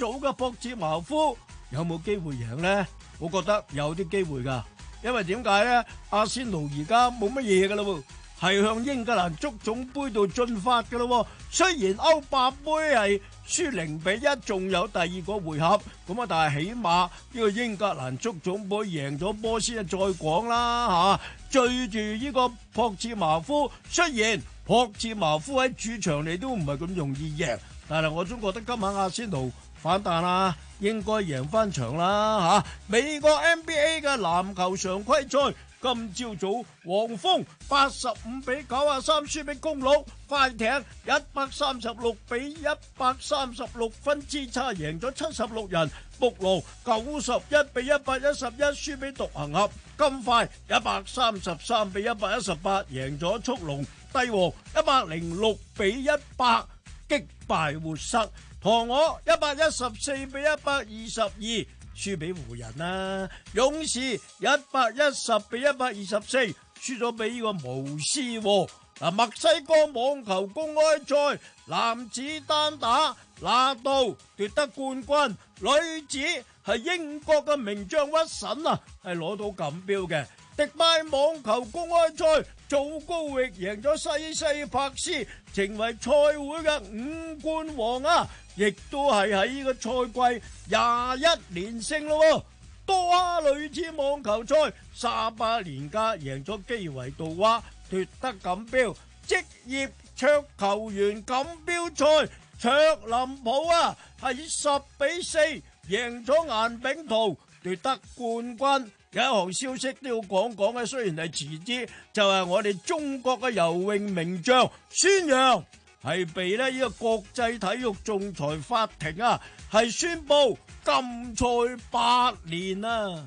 早嘅博茨茅夫有冇機會贏咧？我覺得有啲機會噶，因為點解咧？阿仙奴而家冇乜嘢噶啦，係向英格蘭足總杯度進發噶啦。雖然歐八杯係輸零比一，仲有第二個回合咁啊，但係起碼呢個英格蘭足總杯贏咗波先啊，再講啦吓。對住呢個博茨茅夫，雖然博茨茅夫喺主場你都唔係咁容易贏，但係我總覺得今晚阿仙奴。反彈啦，應該贏翻場啦吓！美國 NBA 嘅籃球常規賽，今朝早黃蜂八十五比九十三輸俾公鹿，快艇一百三十六比一百三十六分之差贏咗七十六人，木龍九十一比一百一十一輸俾獨行俠，金塊一百三十三比一百一十八贏咗速龍，帝王一百零六比一百擊敗活塞。同我一百一十四比一百二十二輸俾湖人啦、啊，勇士一百一十比一百二十四輸咗俾呢個巫師、啊。嗱，墨西哥網球公開賽男子單打拿度奪得冠軍，女子係英國嘅名將屈臣啊，係攞到錦標嘅。迪拜網球公開賽祖高域贏咗西西帕斯，成為賽會嘅五冠王啊！亦都係喺呢個賽季廿一年勝咯，多哈女子網球賽十八連加贏咗基維杜娃，奪得錦標。職業桌球員錦標賽卓林普啊，係十比四贏咗顏丙濤，奪得冠軍。有一項消息都要講講嘅，雖然係遲啲，就係、是、我哋中國嘅游泳名將孫楊。係被咧呢個國際體育仲裁法庭啊，係宣布禁賽八年啦、啊。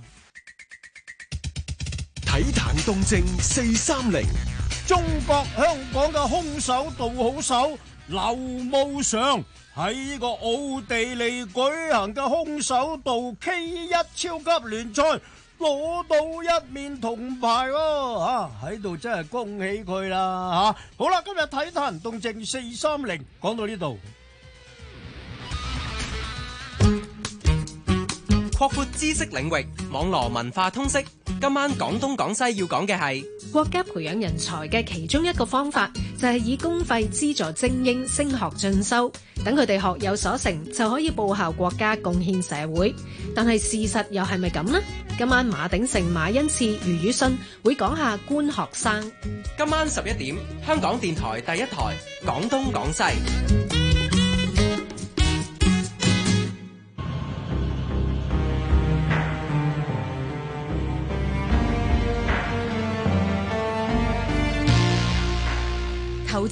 體壇動靜四三零，中國香港嘅空手道好手劉慕裳喺呢個奧地利舉行嘅空手道 K 一超級聯賽，攞到一面銅牌喎，啊！啊，喺度真係恭喜佢啦嚇！好啦，今日睇騰動靜四三零，講到呢度。擴闊知識領域，網羅文化通識。今晚講東講西要講嘅係國家培養人才嘅其中一個方法，就係以公費資助精英升學進修，等佢哋學有所成，就可以報效國家，貢獻社會。但係事實又係咪咁呢？今晚馬鼎盛、馬恩賜、余宇信會講下官學生。今晚十一點，香港電台第一台，講東講西。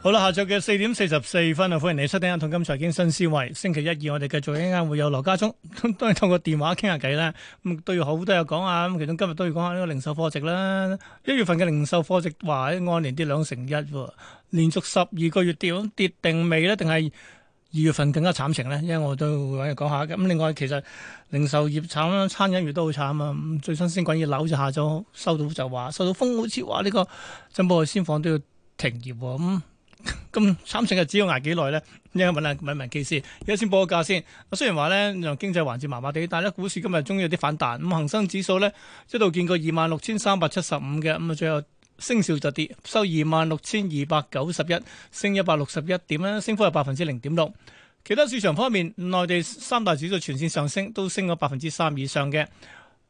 好啦，下晝嘅四點四十四分啊，歡迎你收聽《一桶金財經新思維》。星期一、二我哋繼續一陣間會有羅家聰都都係透過電話傾下偈啦。咁都要好多嘢講啊。咁其中今日都要講下呢個零售貨值啦。一月份嘅零售貨值話喺按年跌兩成一，連續十二個月跌，跌定未咧？定係二月份更加慘情咧？因為我都會揾人講下。咁另外其實零售業慘，餐飲業都好慘啊。最新鮮滾熱辣就下晝收到就話收到風，好似話呢個珍寶海鮮舫都要停業喎。咁、嗯咁 慘成日，只要捱幾耐咧？你問下問文記者，而家先報個價先。我雖然話呢經濟環節麻麻地，但係咧，股市今日終於有啲反彈。咁恒生指數呢，一度見過二萬六千三百七十五嘅，咁啊最後升少就跌，收二萬六千二百九十一，升一百六十一點啦，升幅係百分之零點六。其他市場方面，內地三大指數全線上升，都升咗百分之三以上嘅。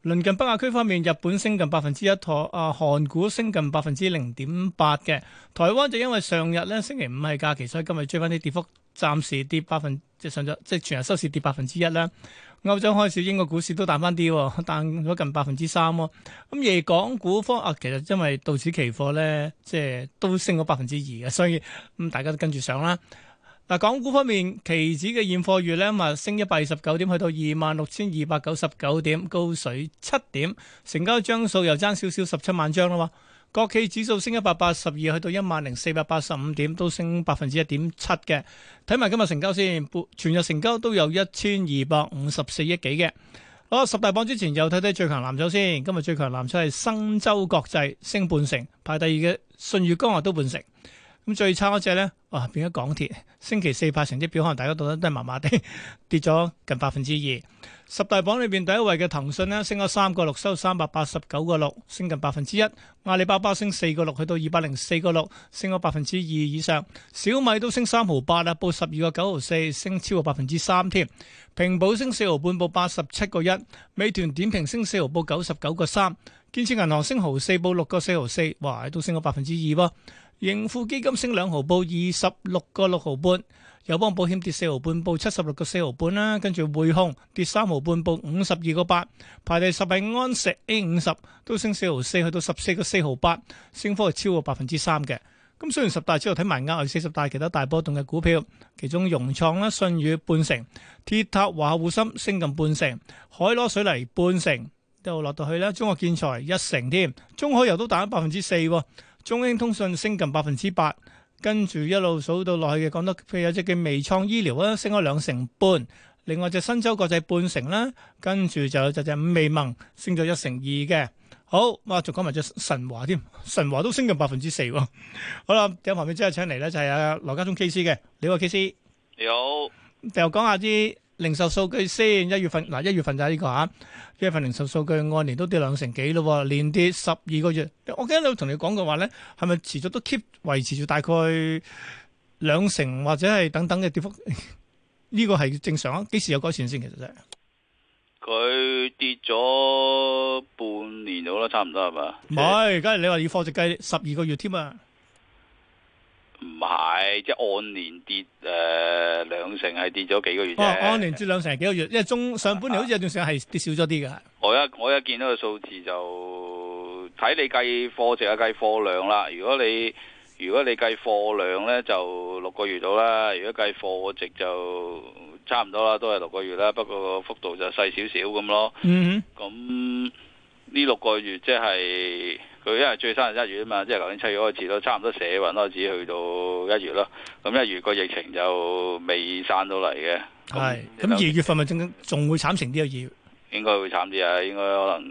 鄰近北亞區方面，日本升近百分之一，托啊，韓股升近百分之零點八嘅。台灣就因為上日咧星期五係假期，所以今日追翻啲跌幅，暫時跌百分即係上咗，即係全日收市跌百分之一啦。歐洲開始英國股市都淡翻啲，淡咗近百分之三喎。咁而港股方啊，其實因為道指期貨咧即係都升咗百分之二嘅，所以咁大家都跟住上啦。嗱，港股方面，期指嘅現貨月咧，今日升一百二十九點，去到二萬六千二百九十九點，高水七點，成交張數又爭少少，十七萬張啦。哇！國企指數升一百八十二，去到一萬零四百八十五點，都升百分之一點七嘅。睇埋今日成交先，全日成交都有一千二百五十四億幾嘅。好，十大榜之前又睇睇最強藍籌先。今日最強藍籌係新洲國際，升半成，排第二嘅信譽光華都半成。咁最差嗰隻呢，哇！變咗港鐵，星期四派成績表，可能大家覺得都係麻麻地， 跌咗近百分之二。十大榜裏邊第一位嘅騰訊咧，升咗三個六，收三百八十九個六，升近百分之一。阿里巴巴升四個六，去到二百零四個六，升咗百分之二以上。小米都升三毫八啊，報十二個九毫四，升超過百分之三添。平保升四毫半，報八十七個一。美團點評升四毫，報九十九個三。建設銀行升毫四，報六個四毫四，哇，都升咗百分之二喎。盈富基金升兩毫報二十六個六毫半，友邦保險跌四毫半報七十六個四毫半啦，跟住匯控跌三毫半報五十二個八，排第十係安石 A 五十都升四毫四去到十四個四毫八，升幅係超過百分之三嘅。咁雖然十大之後睇埋額外四十大其他大波動嘅股票，其中融創啦、信譽半成、鐵塔華護森升近半成，海螺水泥半成，就落到去啦。中國建材一成添，中海油都打咗百分之四。中興通訊升近百分之八，跟住一路數到落去嘅，講多，譬如有隻叫微創醫療啊，升咗兩成半，另外隻新洲國際半成啦，跟住就就隻微盟升咗一成二嘅。好，哇，仲講埋隻神華添，神華都升近百分之四，好啦，喺旁邊即係請嚟咧就係阿羅家聰 KC 嘅，你好 KC 啊，你好，又講下啲。零售數據先一月份嗱，一月份就係呢個啊，一月份零售數據按年都跌兩成幾咯，連跌十二個月。我記得你同你講過話咧，係咪持續都 keep 維持住大概兩成或者係等等嘅跌幅？呢個係正常啊？幾時有改善先？其實真係，佢跌咗半年度啦，差唔多係嘛？唔係，梗係你話要貨值計十二個月添啊！唔係，即係按年跌，誒、呃、兩成，係跌咗幾個月啫、哦。按年跌兩成係幾個月，因為中上半年好似有段時間係跌少咗啲嘅。我一我一見到個數字就睇你計貨值啊，計貨量啦。如果你如果你計貨量咧，就六個月到啦。如果計貨值就差唔多啦，都係六個月啦。不過個幅度就細少少咁咯。嗯嗯，咁呢六個月即係。佢因為最新係一月啊嘛，即係舊年七月開始都差唔多社運開始去到一月咯。咁一月個疫情就未散到嚟嘅。係。咁二月份咪仲仲會慘成啲啊？二月應該會慘啲啊，應該可能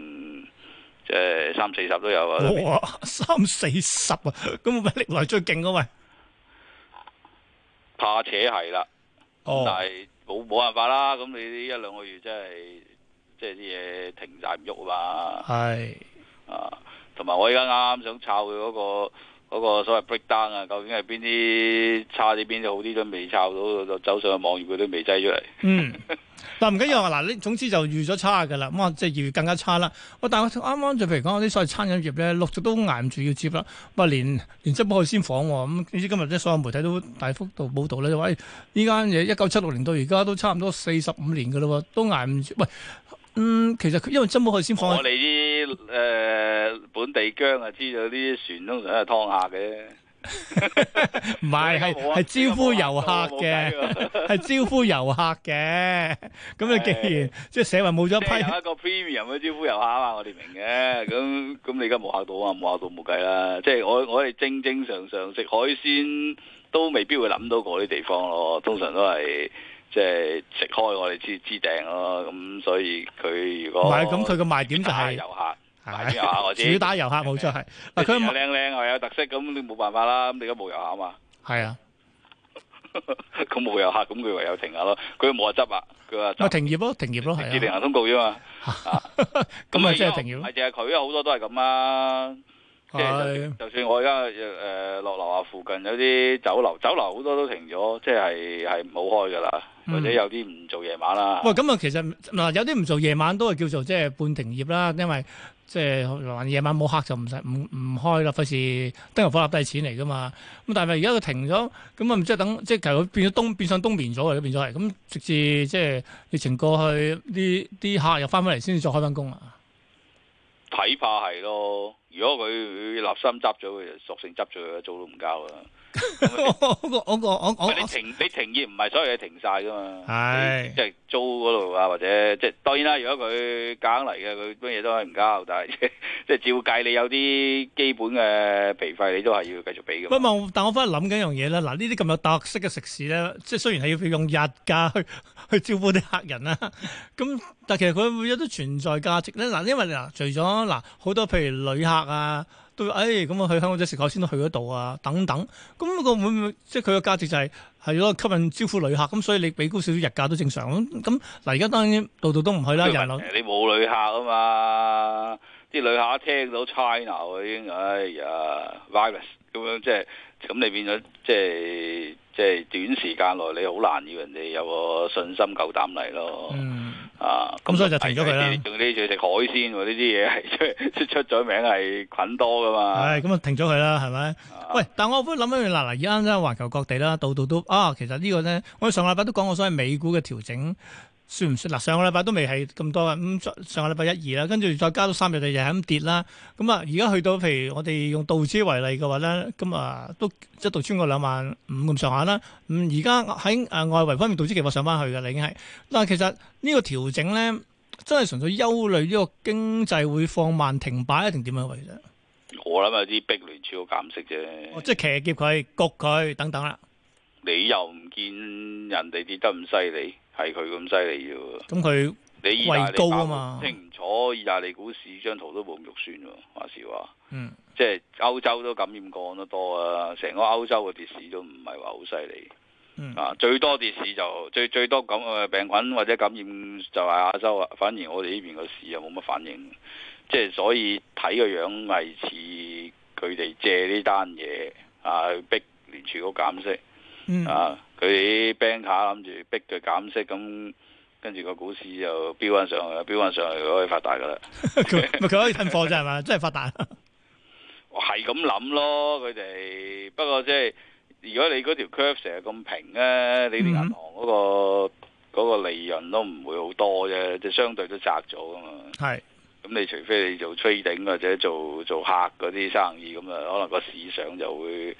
即係、呃、三四十都有、哦、啊。三四十啊，咁咪歷來最勁啊嘛。怕且係啦。哦、但係冇冇辦法啦，咁你呢一兩個月真係即係啲嘢停滯唔喐嘛。係是。啊。同埋我而家啱啱想抄佢嗰個所謂 breakdown 啊，究竟係邊啲差啲，邊啲好啲都未抄到，就走上網頁佢都未擠出嚟。嗯，嗱唔緊要啊，嗱你 總之就預咗差㗎啦，咁啊即係預咗更加差啦。喂，但係我啱啱就譬如講啲所謂餐飲業咧，陸續都捱唔住要接啦，咪連連珍寶海鮮舫喎。咁、嗯、你知今日啲所有媒體都大幅度報導咧，就話依間嘢一九七六年到而家都差唔多四十五年㗎啦，都捱唔住。喂，嗯，其實因為珍寶海鮮舫。我哋啲。誒本地薑啊，知道啲船通常係劏下嘅，唔係係係招呼遊客嘅，係 招呼遊客嘅。咁啊，既然即係社會冇咗批，即係一個 premium 去招呼遊客啊，我哋明嘅。咁咁你而家冇客到啊，冇客到冇計啦。即係我我係正正常常食海鮮，都未必會諗到嗰啲地方咯。通常都係。即係食開我哋支支訂咯，咁所以佢如果唔係咁，佢個賣點就係主打遊客，主打遊客是主打遊客冇錯係。佢靚靚係有特色，咁你冇辦法啦。咁你而家冇遊客嘛？係啊，咁冇遊客，咁佢唯有停下咯。佢冇得執啊，佢話停，停，停業咯，停業咯係啊，只另行通告啫嘛。啊，咁啊即係停業，咪就係佢啊，好多都係咁啊。就算我而家誒落樓下附近有啲酒樓，酒樓好多都停咗，即係係唔好開噶啦，或者有啲唔做夜晚啦、嗯。喂，咁啊，其實嗱、呃，有啲唔做夜晚都係叫做即係半停業啦，因為即係夜晚冇客就唔使唔唔開啦，費事燈油火蠟都係錢嚟噶嘛。咁但係而家佢停咗，咁啊即係等即係佢變咗冬變上冬眠咗，而家變咗係咁，直至即係疫情過去，啲啲客又翻返嚟先至再開翻工啊。睇怕係咯。如果佢立心執咗，佢就索性執咗啊！租都唔交啊！嗰個嗰個我我你停 你停業唔係所有嘢停晒㗎嘛？係即係租嗰度啊，或者即係、就是、當然啦。如果佢揀嚟嘅，佢乜嘢都可能唔交，但係即係照計，你有啲基本嘅皮費，你都係要繼續俾嘅。不過但我翻去諗緊一樣嘢啦。嗱，呢啲咁有特色嘅食肆咧，即係雖然係要用日價去去招呼啲客人啦，咁。但其實佢會有啲存在價值咧嗱，因為嗱，除咗嗱好多譬如旅客啊，都誒咁啊，哎、去香港仔食海鮮都去嗰度啊，等等。咁個會唔會即係佢個價值就係係咯吸引招呼旅客咁？所以你俾高少少日價都正常咁咁嗱。而、嗯、家當然度度都唔去啦，人流你冇旅客啊嘛，啲旅客一聽到 China 已經哎呀 virus 咁樣、就是，即係咁你變咗即係即係短時間內你好難要人哋有個信心夠膽嚟咯。嗯。啊！咁、嗯嗯、所以就停咗佢啦。仲有仲要食海鮮呢啲嘢係出出咗名係菌多噶嘛。係咁啊，停咗佢啦，係、嗯、咪？喂、嗯，但我都諗一諗啦，嗱、嗯，而家咧環球各地啦，度度都啊，其實個呢個咧，我哋上禮拜都講過，所謂美股嘅調整。算唔算？嗱，上個禮拜都未係咁多嘅，咁、嗯、上個禮拜一二啦，跟住再加多三日，就又係咁跌啦。咁啊，而家去到譬如我哋用道指為例嘅話咧，咁、嗯、啊都一度穿過兩萬五咁上下啦。嗯，而家喺誒外圍方面道，道指其實上翻去嘅啦，已經係。但係其實呢個調整咧，真係純粹憂慮呢個經濟會放慢停擺，定點樣咧？我諗有啲逼聯儲嘅減息啫、哦。即係騎劫佢、焗佢等等啦。你又唔見人哋跌得唔犀利？係佢咁犀利喎，咁佢你意大利高啊嘛，即係唔坐意大利股市張圖都冇咁肉酸喎，話時話。嗯，即係歐洲都感染過得多啊，成個歐洲嘅跌市都唔係話好犀利。嗯、啊最多跌市就最最多感染病菌或者感染就係亞洲啊，反而我哋呢邊個市又冇乜反應。即係所以睇個樣係似佢哋借呢單嘢啊，去逼聯儲局減息。啊。佢 bank 卡諗住逼佢減息，咁跟住個股市就飆返上去，飆返上去可以發達㗎喇。佢可以囤貨啫嘛，真係發達。我係咁諗咯，佢哋。不過即係如果你嗰條 curve 成日咁平咧，你啲銀行嗰個嗰個利潤都唔會好多啫，即係相對都窄咗啊嘛。係。咁你除非你做 trading 或者做做客嗰啲生意，咁啊可能個市場就會。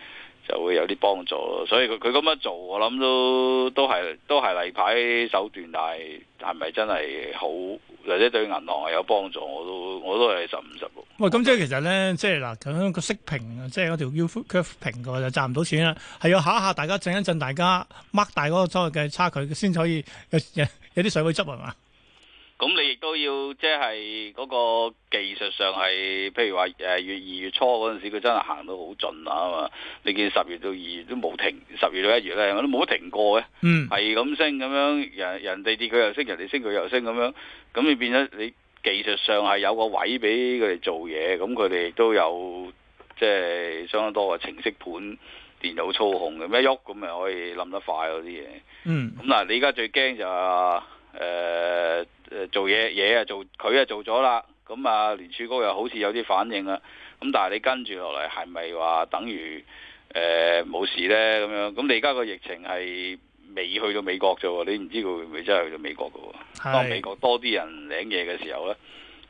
就會有啲幫助咯，所以佢佢咁樣做，我諗都都係都係例牌手段，但係係咪真係好，或者對銀行係有幫助，我都我都係十五十六。喂，咁即係其實咧，即係嗱，咁樣個息平，即係嗰條 U curve 平嘅就賺唔到錢啦，係要下一下大家震一震，大家擘大嗰個所謂嘅差距，先可以有可以有啲水會執係嘛。咁你亦都要即係嗰個技術上係，譬如話誒，月二月初嗰陣時，佢真係行到好盡啦嘛。你見十月到二月都冇停，十月到一月咧，我都冇停過嘅。嗯，係咁升咁樣，人人哋跌佢又升，人哋升佢又升咁樣，咁你變咗你技術上係有個位俾佢哋做嘢，咁佢哋亦都有即係、就是、相當多嘅程式盤電腦操控嘅，一喐咁咪可以諗得快嗰啲嘢。嗯，咁嗱、嗯，你而家最驚就係、～誒誒、呃，做嘢嘢啊，就做佢啊做咗啦，咁、嗯、啊，連柱哥又好似有啲反應啊，咁、嗯、但係你跟住落嚟，係咪話等於誒冇、呃、事咧？咁樣，咁你而家個疫情係未去到美國啫喎，你唔知佢會唔會真係去到美國噶？是當美國多啲人領嘢嘅時候咧，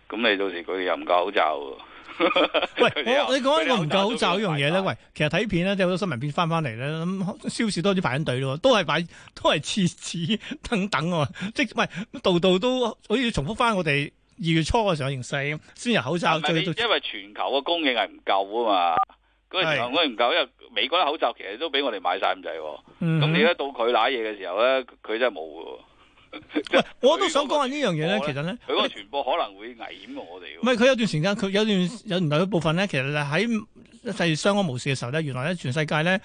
咁你到時佢哋又唔夠口罩。 喂，我你講呢個唔夠口罩呢樣嘢咧？喂，其實睇片咧，即係好多新聞片翻翻嚟咧，咁、嗯、超市多啲排緊隊咯，都係擺，都係廁紙等等啊，即係唔係度度都好似重複翻我哋二月初嘅時候形勢咁，先入口罩。最，因為全球嘅供應係唔夠啊嘛，嗰個供應唔夠，因為美國啲口罩其實都俾我哋買晒咁滯，咁、嗯、你一到佢攞嘢嘅時候咧，佢真係冇嘅。喂，我都想講下呢樣嘢咧，其實咧，佢嗰個傳播可能會危險過我哋啊。唔係，佢有段時間，佢有段有原來嘅部分咧，其實喺世事相安無事嘅時候咧，原來咧全世界咧。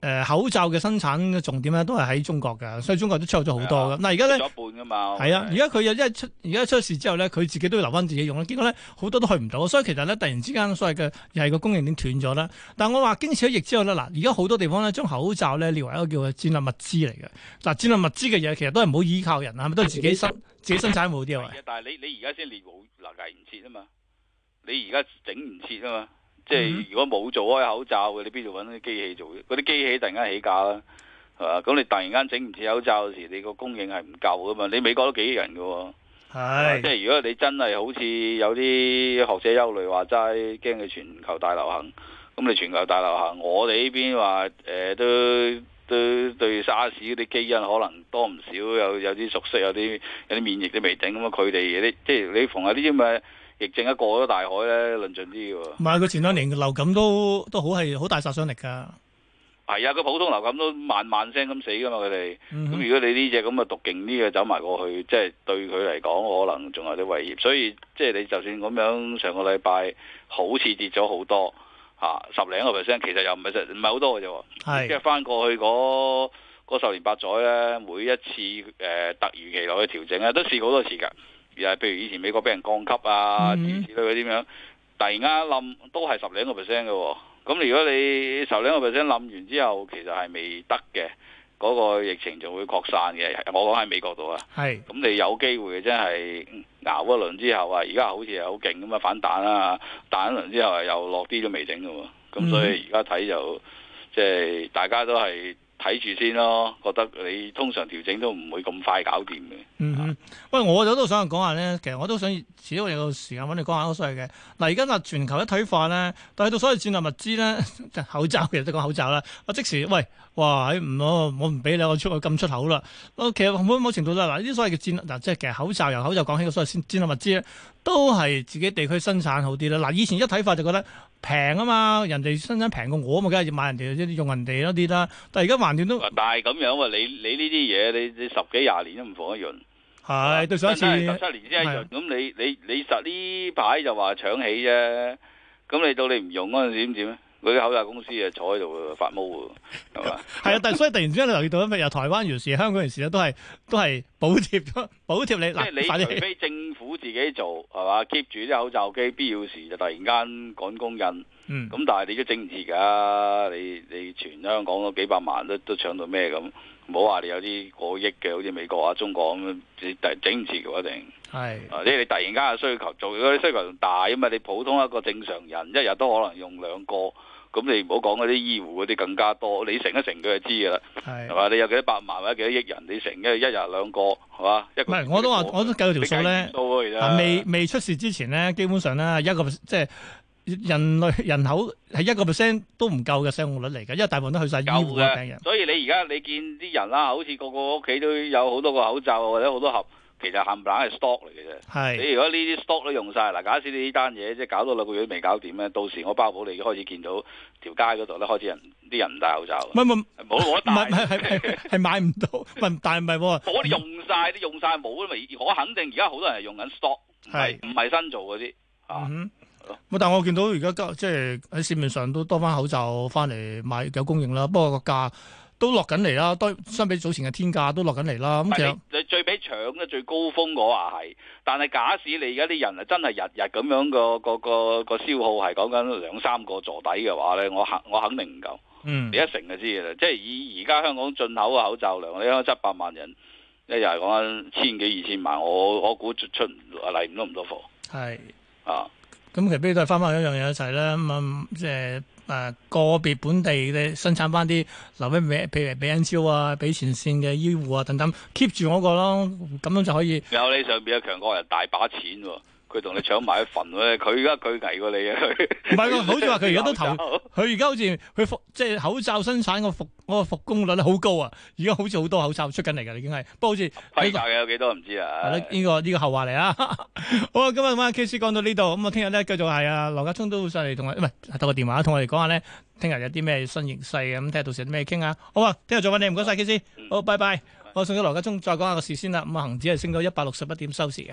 誒、呃，口罩嘅生產嘅重點咧都係喺中國嘅，所以中國都出咗好多嘅。嗱，而家咧，係啊，而家佢又即係出，而家出事之後咧，佢自己都要留翻自己用啦。結果咧，好多都去唔到，所以其實咧，突然之間，所謂嘅又係個供應鏈斷咗啦。但係我話經此一役之後咧，嗱，而家好多地方咧將口罩咧列為一個叫做戰略物資嚟嘅。嗱，戰略物資嘅嘢其實都係唔好依靠人，係咪都係自己生，的自，己生自己生產好啲啊？但係你你而家先列，冇嗱解唔切啊嘛，你而家整唔切啊嘛。即係、mm hmm. 如果冇做開口罩嘅，你邊度揾啲機器做？嗰啲機器突然間起價啦，係嘛？咁你突然間整唔切口罩時，你個供應係唔夠噶嘛？你美國都幾億人噶喎是、啊，即係如果你真係好似有啲學者憂慮話齋，驚佢全球大流行，咁你全球大流行，我哋呢邊話誒、呃、都都,都對沙士嗰啲基因可能多唔少，有有啲熟悉，有啲有啲免疫都未頂咁啊！佢哋啲即係你逢下啲咁嘅。疫症一過咗大海咧，論盡啲喎。唔係，佢前兩年嘅流感都都好係好大殺傷力㗎。係啊，佢普通流感都萬萬聲咁死㗎嘛，佢哋。咁、嗯、哼如果你呢隻咁啊毒勁啲嘅走埋過去，即、就、係、是、對佢嚟講，可能仲有啲威脅。所以即係、就是、你就算咁樣，上個禮拜好似跌咗好多嚇、啊、十零個 percent，其實又唔係唔係好多嘅啫。係即係翻過去嗰十年八載咧，每一次誒、呃、突如其來嘅調整咧，都試過好多次㗎。譬如以前美國俾人降級啊，mm hmm. 之類嗰啲咁樣，突然間冧，都係十兩個 percent 嘅、哦。咁如果你十兩個 percent 冧完之後，其實係未得嘅，嗰、那個疫情就會擴散嘅。我講喺美國度啊，係是。咁你有機會真係熬一輪之後啊，而家好似又好勁咁啊，反彈啊，彈一輪之後又落啲都未整嘅。咁所以而家睇就、mm hmm. 即係大家都係。睇住先咯，覺得你通常調整都唔會咁快搞掂嘅。嗯嗯，啊、喂，我就都想講下咧。其實我都想，始終有哋個時間揾你講下個所謂嘅。嗱，而家嗱全球一體化咧，但係到所謂戰略物資咧，口罩其實都講口罩啦。我即時喂，哇唔、哎、我唔俾你，我出去咁出口啦。其實冇冇程度啦。嗱，呢啲所謂嘅戰，嗱即係其實口罩由口罩講起個所謂戰戰略物資咧。都係自己地區生產好啲啦，嗱，以前一睇法就覺得平啊嘛，人哋生產平過我啊嘛，梗係買人哋用人哋多啲啦，但係而家橫掂都，但係咁樣喎，你你呢啲嘢，你你，你十幾廿年都唔放一潤，係對上一次十七年先一潤，咁的你你你，你實呢擺就話搶起啫，咁你到你唔用嗰陣點點咧？怎樣怎樣佢啲口罩公司啊坐喺度發毛啊，係嘛？係啊，但所以突然之間你留意到因為咧，由台灣、瑞士、香港人陣咧都係都係補貼補貼你即係你除非政府自己做係嘛，keep 住啲口罩機，必要時就突然間趕工人。嗯，咁但係你都政治噶，你你全香港嗰幾百萬都都搶到咩咁？唔好話你有啲過億嘅，好似美國啊、中國咁，你整唔住嘅一定。係，即係你突然間嘅需求，做啲需求仲大啊嘛，你普通一個正常人一日都可能用兩個，咁你唔好講嗰啲醫護嗰啲更加多，你成一成佢係知㗎啦。係，係嘛？你有幾多百萬或者幾多億人？你成一一日兩個係嘛？唔係，我都話我，我都計過條數咧呢，未未出事之前咧，基本上咧一個即係。人類人口係一個 percent 都唔夠嘅死亡率嚟嘅，因為大部分都去晒醫院嘅病人。所以你而家你見啲人啦，好似個個屋企都有好多個口罩或者好多盒，其實冚唪唥係 stock 嚟嘅啫。係是你如果呢啲 stock 都用晒，嗱，假設你呢單嘢即係搞到六個月都未搞掂咧，到時我包保你開始見到條街嗰度咧，開始人啲人唔戴口罩。唔唔是，唔好我戴。唔係係係買唔 到，唔係。 我哋 用晒，啲用晒冇，因嘛，我肯定而家好多人係用緊 stock，係唔係新做嗰啲啊？ 但係我見到而家即係喺市面上都多返口罩返嚟買，有供應啦。不過個價都落緊嚟啦，都相比早前嘅天價都落緊嚟啦。咁你其實最俾搶嘅最高峰我話係，但係假使你而家啲人真係日日咁樣個、那個個、那個消耗係講緊兩三個座底嘅話咧，我肯我肯定唔夠。嗯、你一成就知啦，即係以而家香港進口嘅口罩量，你開七百萬人一日講緊千幾二千萬，我我估出嚟唔多唔多貨。係是啊。咁其實都係翻翻一樣嘢一齊啦，咁啊即係誒個別本地嘅生產翻啲留俾俾譬如俾恩超啊、俾前線嘅醫護啊等等 keep 住嗰個咯。咁樣就可以有你上邊嘅強國人大把錢喎、啊。佢同 你搶埋一份，佢而家佢危過你啊！唔係喎，好似話佢而家都投，佢而家好似佢即係口罩生產個復，個復工率好高啊！而家好似好多口罩出緊嚟㗎，已經係不過好似批發有幾多唔知啊？呢、 這個呢、這個後話嚟啊！ 好啊，今日咁阿 K 師講到呢度，咁我聽日咧繼續係啊。羅家聰都上嚟同我唔係打個電話，同我哋講下咧，聽日有啲咩新形勢嘅咁，睇日到時有啲咩傾啊！好啊，聽日再揾你，唔該晒 K 師，嗯、好拜拜，bye bye, bye, okay. 我送咗羅家聰再講下個事先啦。咁啊，恆指係升到一百六十一點收市嘅。